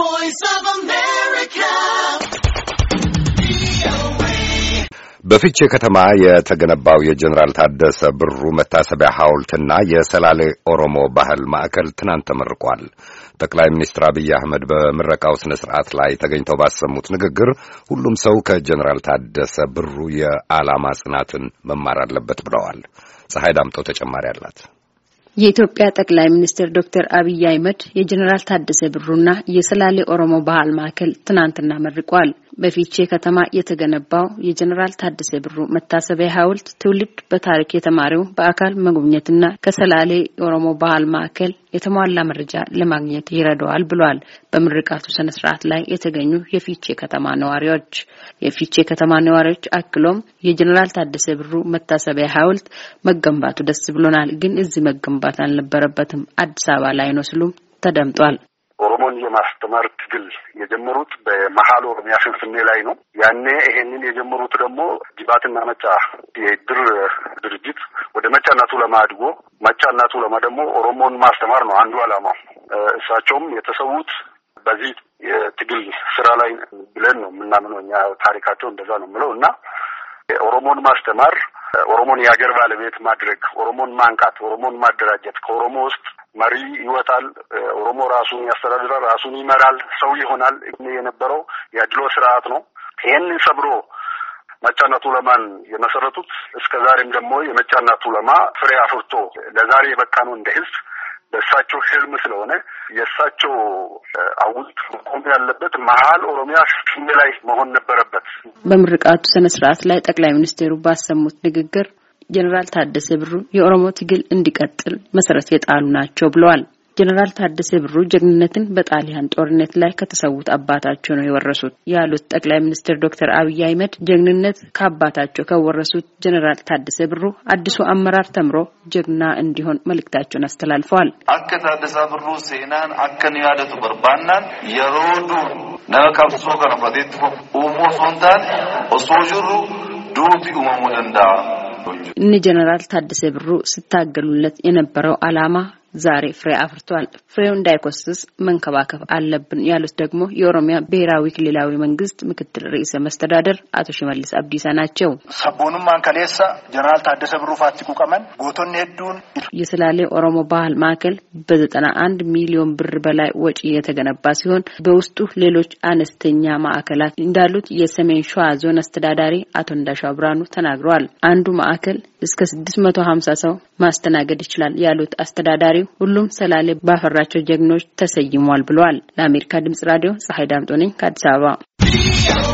ቮይስ ኦፍ አሜሪካ በፍቼ ከተማ የተገነባው የጀኔራል ታደሰ ብሩ መታሰቢያ ሐውልትና የሰላሌ ኦሮሞ ባህል ማዕከል ትናንት ተመርቋል። ጠቅላይ ሚኒስትር አብይ አህመድ በምረቃው ስነ ስርዓት ላይ ተገኝተው ባሰሙት ንግግር ሁሉም ሰው ከጀኔራል ታደሰ ብሩ የዓላማ ጽናትን መማር አለበት ብለዋል። ፀሐይ ዳምጠው ተጨማሪ አላት። የኢትዮጵያ ጠቅላይ ሚኒስትር ዶክተር አብይ አህመድ የጀኔራል ታደሰ ብሩና የሰላሌ ኦሮሞ ባህል ማዕከል ትናንትና መርቋል። በፊቼ ከተማ የተገነባው የጀኔራል ታደሰ ብሩ መታሰቢያ ሐውልት ትውልድ በታሪክ የተማሪው በአካል መጎብኘትና ከሰላሌ ኦሮሞ ባህል ማዕከል የተሟላ መረጃ ለማግኘት ይረዳዋል ብሏል። በምርቃቱ ስነ ስርዓት ላይ የተገኙ የፊቼ ከተማ ነዋሪዎች የፊቼ ከተማ ነዋሪዎች አክሎም የጀኔራል ታደሰ ብሩ መታሰቢያ ሐውልት መገንባቱ ደስ ብሎናል፣ ግን እዚህ መገንባት አልነበረበትም አዲስ አበባ ላይ ነው ሲሉም ተደምጧል። ኦሮሞን የማስተማር ትግል የጀመሩት በመሀል ኦሮሚያ ፍንፍኔ ላይ ነው። ያኔ ይሄንን የጀመሩት ደግሞ ጅባትና መጫ የድር ድርጅት ወደ መጫናቱ ቱለማ አድጎ መጫናቱ ለማ ደግሞ ኦሮሞን ማስተማር ነው አንዱ አላማው እሳቸውም የተሰዉት በዚህ የትግል ስራ ላይ ብለን ነው የምናምነው እኛ። ታሪካቸው እንደዛ ነው የምለው እና ኦሮሞን ማስተማር፣ ኦሮሞን የሀገር ባለቤት ማድረግ፣ ኦሮሞን ማንቃት፣ ኦሮሞን ማደራጀት ከኦሮሞ ውስጥ መሪ ይወጣል። ኦሮሞ ራሱን ያስተዳድራል፣ ራሱን ይመራል፣ ሰው ይሆናል የነበረው የአድሎ ስርዓት ነው። ይህን ሰብሮ መጫና ቱለማን የመሰረቱት እስከ ዛሬም ደግሞ የመጫና ቱለማ ፍሬ አፍርቶ ለዛሬ የበቃ ነው እንደ ህዝብ በእሳቸው ህልም ስለሆነ የእሳቸው አውልት መቆም ያለበት መሀል ኦሮሚያ ሽሜ ላይ መሆን ነበረበት። በምርቃቱ ስነ ስርዓት ላይ ጠቅላይ ሚኒስትሩ ባሰሙት ንግግር ጀኔራል ታደሰ ብሩ የኦሮሞ ትግል እንዲቀጥል መሰረት የጣሉ ናቸው ብለዋል። ጀነራል ታደሰ ብሩ ጀግንነትን በጣሊያን ጦርነት ላይ ከተሰዉት አባታቸው ነው የወረሱት ያሉት ጠቅላይ ሚኒስትር ዶክተር አብይ አህመድ ጀግንነት ከአባታቸው ከወረሱት ጀነራል ታደሰ ብሩ አዲሱ አመራር ተምሮ ጀግና እንዲሆን መልእክታቸውን አስተላልፈዋል። አከ ታደሰ ብሩ ሴናን አከ ኒያደቱ በርባናን የሮዱ ነካብሶ ከነፈቴት ኡሞ ሶንታን ኦሶጅሩ ዱቲ ኡመሙ ደንዳ እኒ ጀነራል ታደሰ ብሩ ስታገሉለት የነበረው አላማ ዛሬ ፍሬ አፍርቷል። ፍሬው እንዳይኮስስ መንከባከብ አለብን ያሉት ደግሞ የኦሮሚያ ብሔራዊ ክልላዊ መንግስት ምክትል ርዕሰ መስተዳደር አቶ ሽመልስ አብዲሳ ናቸው። ሰቦኑም ማንከሌሳ ጀነራል ታደሰ ብሩፋቲ ቁቀመን ጎቶን ሄዱን የስላሌ ኦሮሞ ባህል ማዕከል በዘጠና አንድ ሚሊዮን ብር በላይ ወጪ የተገነባ ሲሆን በውስጡ ሌሎች አነስተኛ ማዕከላት እንዳሉት የሰሜን ሸዋ ዞን አስተዳዳሪ አቶ እንዳሻው ብርሃኑ ተናግረዋል። አንዱ ማዕከል እስከ ስድስት መቶ ሀምሳ ሰው ማስተናገድ ይችላል ያሉት አስተዳዳሪው ሁሉም ሰላሌ ባፈራቸው ጀግኖች ተሰይሟል ብለዋል። ለአሜሪካ ድምጽ ራዲዮ ፀሐይ ዳምጦ ነኝ ከአዲስ አበባ